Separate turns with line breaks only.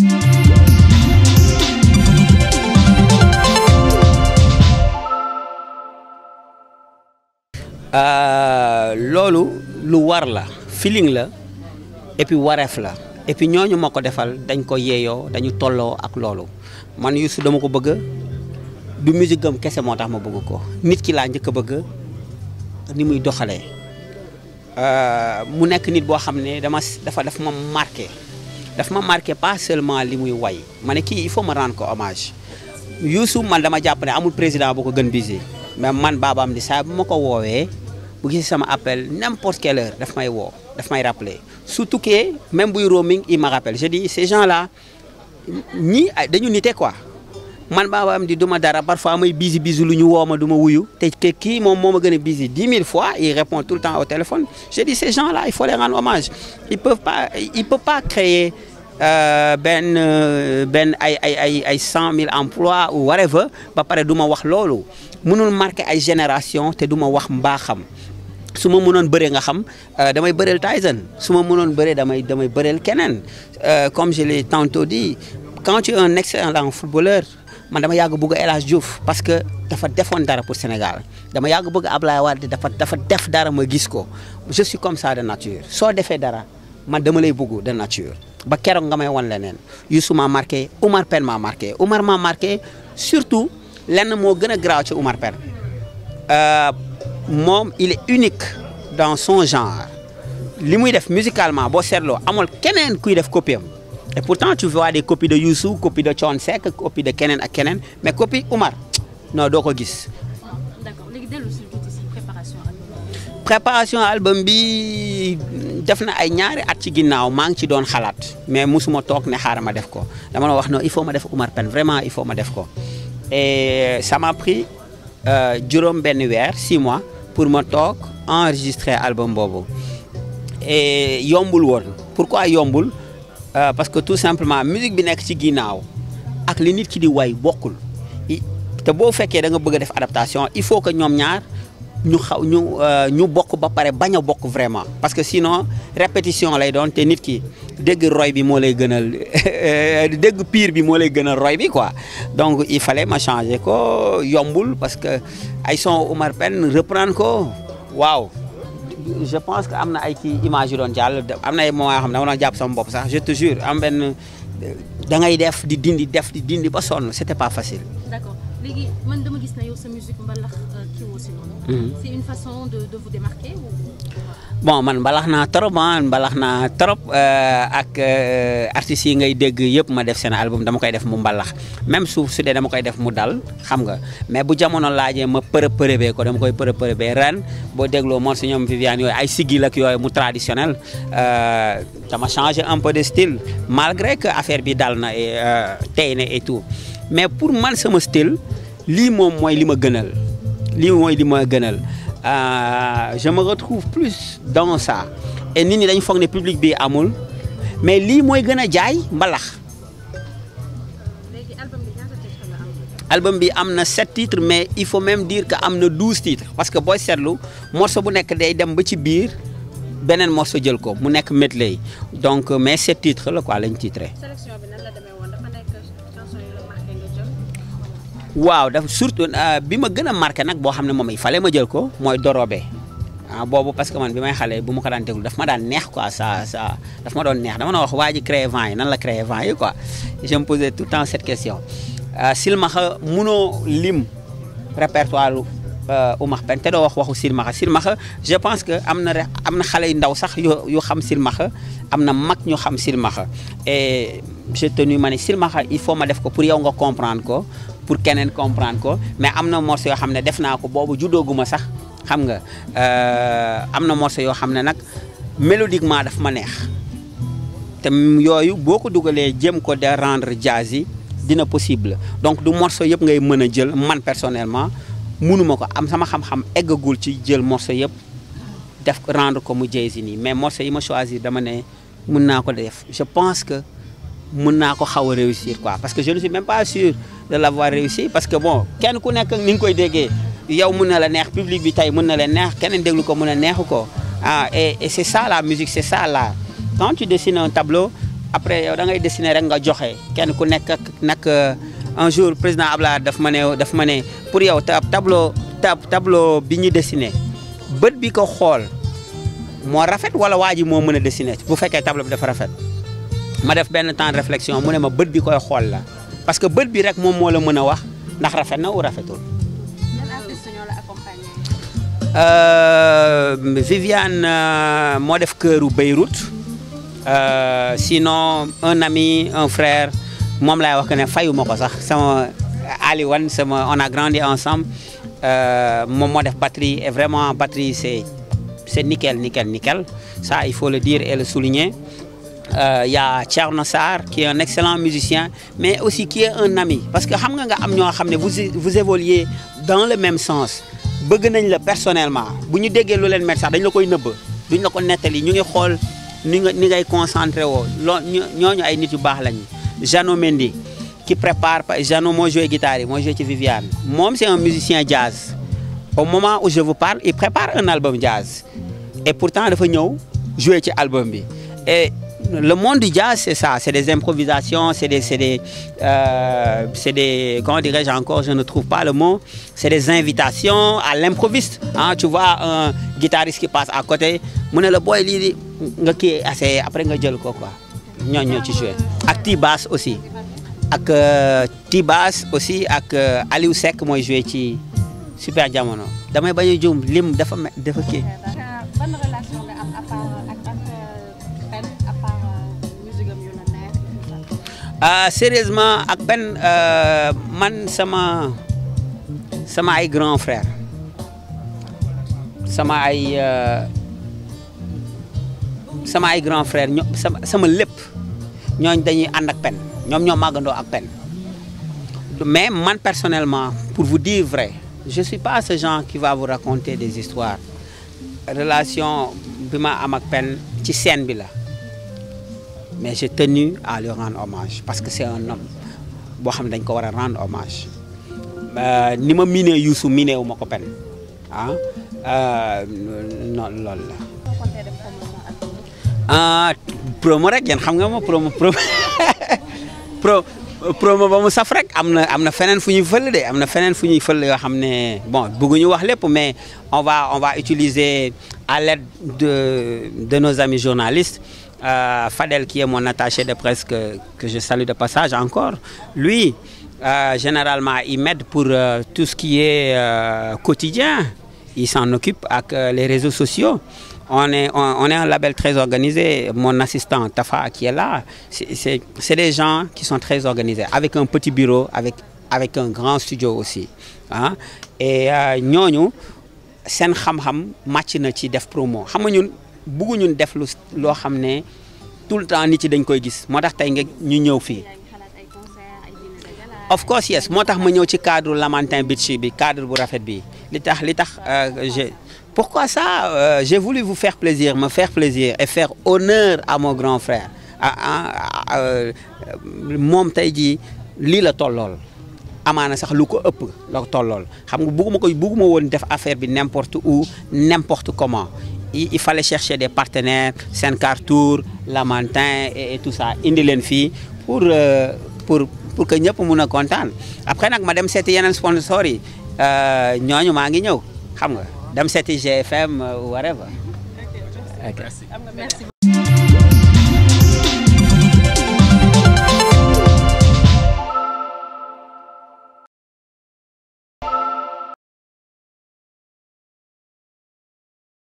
Euh, loolu lu war la feeling la et puis wareef la et puis ñooñu ma ko defal dañ ko yeeyoo dañu tolloo ak loolu man Youssou dama ko bëgg du musique am kese moo tax ma bëgg ko nit ki laa njëkk a bëgg ni muy doxalee euh, mu nekk nit boo xam ne dama dafa daf ma marqué daf ma marqué pas seulement li muy way ma ne kii il faut ma rendre ko hommage Youssou man dama jàpp ne amul président bu ko gën Bizé mais man baabaam di saa bu ma ko woowee bu gisee sama appel n'importe quelle heure daf may woo daf may rappelé su tukkee même buy roaming il me rappelle je dis ces gens là ñii ah, dañu nite quoi man baabaam di du ma dara parfois may busy busy lu ñu woo ma du ma wuyu te te kii moom moo ma gën a busy dix mille fois il répond tout le temps au téléphone je dis ces benn euh, benn euh, ay ay ay ay cent mille emplois ou whatever ba pare du ma wax loolu mënul marqué ay génération te du ma wax mbaaxam su ma munoon bëree nga xam euh, damay bëreel Tyson su ma mënoon bëree damay damay bëreel keneen comme je l'ai tantôt dit quand tu es un excellent footballeur man dama yàgg bëgg El Hadj Diouf parce que dafa defoon dara pour Sénégal dama yàgg bëgg Ablaye Wade dafa dafa def dara ma gis ko je suis comme ça de nature soo defee dara ma dama lay bëgg de nature ba keroog nga may wan leneen Youssou maa marqué Omar Pène maa marqué Omar maa marqué surtout lenn moo gën a graaw ci Omar euh, moom il est unique dans son genre li muy def musicalement boo seetloo amul keneen kuy def copie am et pourtant tu vois des copies de Youssou copie de Thione Seck copie de keneen ak keneen mais copie Omar non doo gis. d'accord album bi. def na ay ñaari at ci ginnaaw maa ngi ci doon xalaat mais musuma toog ne xaaral ma def ko dama la wax non il faut ma def Umar Pène vraiment il faut ma def ko et ça m'a pris euh, juróom benn weer six mois pour ma toog enregistrer album boobu et yombul woon ay yombul euh, parce que tout simplement musique bi nekk ci ginnaaw ak li nit ki di way bokkul te boo fekkee da nga bëgg def adaptation il faut que ñoom ñaar ñu xaw ñu euh, ñu bokk ba pare bañ a bokk vraiment parce que sinon répétition lay doon te nit ki dégg roy bi moo lay gënal dégg piir bi moo lay gënal roy bi quoi donc il fale ma changé ko yombul parce que ay son Omar Pène reprendre ko waaw je pense que am na ay kii image yu doon jàll am na ay moment yoo xam ne dama doon jàpp sama bop sax je te jure am benn dangay def di dindi def di dindi ba sonn c'était pas facile. d'accord Mhm. c'est une bon man mbalax naa trop ah mbalax naa trop euh, ak euh, artistes yi ngay dégg yëpp ma def seen album dama koy def mu mbalax même suuf su dee dama koy def mu dal xam nga mais bu jamono laajee ma përëb përëbee ko dama koy përëb përëbee ren boo dégloo moom si ñoom Viviane yooyu ay siggi ak yooyu mu traditionnel euh, dama changé un peu de style malgré que affaire bi dal na tey na et mais pour man sama style lii moom mooy li ma gënal. lii mooy li ma gënal euh, je me retrouve plus dans et nit ñi dañ foog ne public bii amul mais lii mooy gën a jaay mbalax album bi am na sept titres mais il faut même diir que am na douze titres parce que booy seetlu morceau bu nekk day dem ba ci biir beneen morceau jël ko mu nekk medley donc euh, mais sept titres la quoi lañ titré. waaw dafa surtout euh, bi ma gën a marqué nag boo xam ne moom it fale ma jël ko mooy Dorobe ah boobu parce que man bi may xalee bu ma ko daan déglu daf ma daan neex quoi ça ça daf ma doon neex dama na wax waa ji créé vent yi nan la créé vent yi ko je me posais tout le temps cette question euh, silmaxa munoo lim répertoire lu euh, max Pène te doo wax waxu silmaxa silmaxa je pense que am na am na xale yu ndaw sax yu xam silmaxa am na mag ñu xam silmaxa et j'ai tenu ma ne silmaxa il faut ma def ko pour yow nga comprendre ko pour keneen comprendre ko mais am na morceau yoo xam ne def naa ko boobu ma sax xam nga euh, am na morceau yoo xam ne nag mélodiquement daf ma neex te yooyu boo ko dugalee jëm ko de rendre jazz yi dina possible donc du morceau yëpp ngay mën a jël man personnellement munuma ko am sama xam-xam eggagul ci jël morceau yëpp def ko rendre ko mu jazz yi nii mais morceau yi ma choisir dama ne mun naa ko def je pense que mun naa ko xaw a réussir quoi parce que je ne suis même pas sûr de l'avoir réussi parce que bon kenn ku nekk ni nga koy déggee yow mun na la neex public bi tey mën na la neex keneen déglu ko mun a neexu ko ah et et c'est ça la musique c'est ça l'art quand tu après yow da ngay dessiner rek nga joxe kenn ku nekk nag euh, un jour président abla daf ma ne daf ma ne pour yow ta tableau ta tableau bi ñu dessiné bët bi ko xool moo rafet wala waa ji moo mën a dessiner bu fekkee tablo bi dafa rafet. ma def benn temps de réflexion mu ne ma bët bi koy xool la parce que bët bi rek moom moo la mën a wax ndax rafet na ou rafetul. Euh, Viviane euh, moo def këru Beyrouth euh, sinon un ami un frère moom laay wax que ne fayuma ko sax sama Aliwan sama on a grandi ensemble moom moo def batterie et vraiment batri c'est c'est nickel nickel nickel ça il faut le dire e le souligner Il euh, y a Tcherno Sarr, qui est un excellent musicien, mais aussi qui est un ami. Parce que vous, vous évoluez dans le même sens. bëgg nañ la personnellement bu ñu déggee lu leen métti sax dañu la koy nëbb duñ la ko nettali ñu ngi xool ni nga ni ngay concentré woo loo ñooñu ay nit yu baax lañu. Jano Mendy ki prépare Jano moo joué guitare yi moo joué ci Viviane moom c' est un musicien jazz au moment où je vous parle il prépare un album jazz et pourtant dafa ñëw joué ci album bi le monde du jazz, c'est ça. C'est des improvisations, c'est des, des, euh, des, Comment dirais-je encore Je ne trouve pas le mot. C'est des invitations à l'improviste. Hein, tu vois un guitariste qui passe à côté. Mon le boy, il dit ah, Après, il dit quoi. Nous, tu joues. Avec T-Bass aussi. ak euh, T-Bass aussi. Avec euh, Aliou Sek, moi, je ci Super Diamono. Dans mes bains, je joue. Lim, de Euh, sérieusement ak benn euh, man sama sama ay grand frère sama ay euh, sama ay grand frère sama sama lépp ñooñ dañuy ànd ak pen ñoom ñoo màggandoo ak pen mais man personnellement pour vous dire vrai je suis pas ce genre qui va vous raconter des histoires relation bi ma am ak pen ci scène bi la mais j'ai tenu à lui rendre hommage parce que c'est un homme boo xam ne dañ ko war a rendre hommage euh, ni ma miinee Youssou miinee wu ma ko pen ah euh, non loolu ah, promo rek yéen xam nga ma promo pro promo ba mu saf rek am na am na feneen fu ñuy fël de am na feneen fu ñuy fël yoo xam ne bon bëgguñu wax lépp mais on va utiliser à l'aide de de nos amis journalistes. Euh, Fadel, qui est mon attaché de presse, que, je salue de passage encore, lui, euh, généralement, il m'aide pour euh, tout ce qui est euh, quotidien. Il s'en occupe avec euh, les réseaux sociaux. On est, on, on, est un label très organisé. Mon assistant Tafa qui est là, c'est des gens qui sont très organisés, avec un petit bureau, avec, avec un grand studio aussi. Hein? Et nous, nous, nous, nous, nous, nous, nous, nous, nous, bugguñu def lu loo xam ne tout le temps nit ci dañ koy gis moo tax tey nga ñu ñëw fii. of course yes moo tax ma ñëw ci cadre Lamantin Beach bi cadre bu rafet bi li tax li tax euh, je pourquoi ça euh, j'ai voulu vous faire plaisir me faire plaisir et faire honneur à mon grand frère euh, moom tey jii lii la tollool amaana sax lu ko ëpp la tollool xam nga bugguma ko bugguma woon def affaire bi n'importe où n'importe comment il fallait chercher des partenaires Sencartour Lamantin et tout ça indi leen fii pour euh, pour pour que ñëpp mun a kontaan après nag ma dem seeti yeneen sponsors yi euh, ñooñu maa ngi ñëw xam nga dem seeti GFM euh, whatever ok